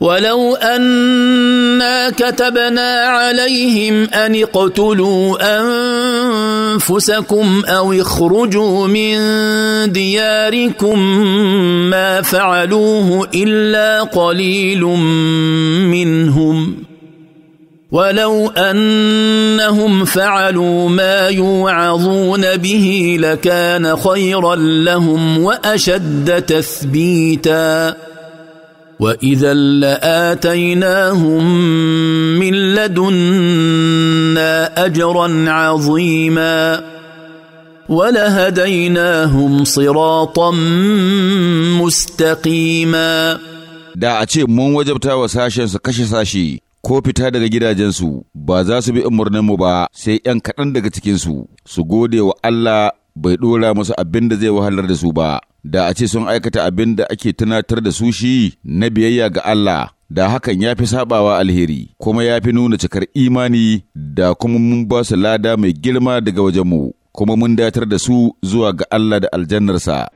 ولو انا كتبنا عليهم ان اقتلوا انفسكم او اخرجوا من دياركم ما فعلوه الا قليل منهم ولو انهم فعلوا ما يوعظون به لكان خيرا لهم واشد تثبيتا واذا لاتيناهم من لدنا اجرا عظيما ولهديناهم صراطا مستقيما da a ce mun wajabta wa su kashe sashi ko fita daga gidajensu ba za su bi umarninmu ba sai ‘yan kaɗan daga cikinsu su gode wa Allah bai ɗora musu abin da zai wahalar da su ba. da a ce sun aikata abin da ake tunatar da su shi na biyayya ga Allah da hakan ya fi sabawa alheri kuma ya fi nuna cikar imani da kuma mun ba su lada mai girma daga wajenmu kuma mun datar da su zuwa ga Allah da aljannarsa.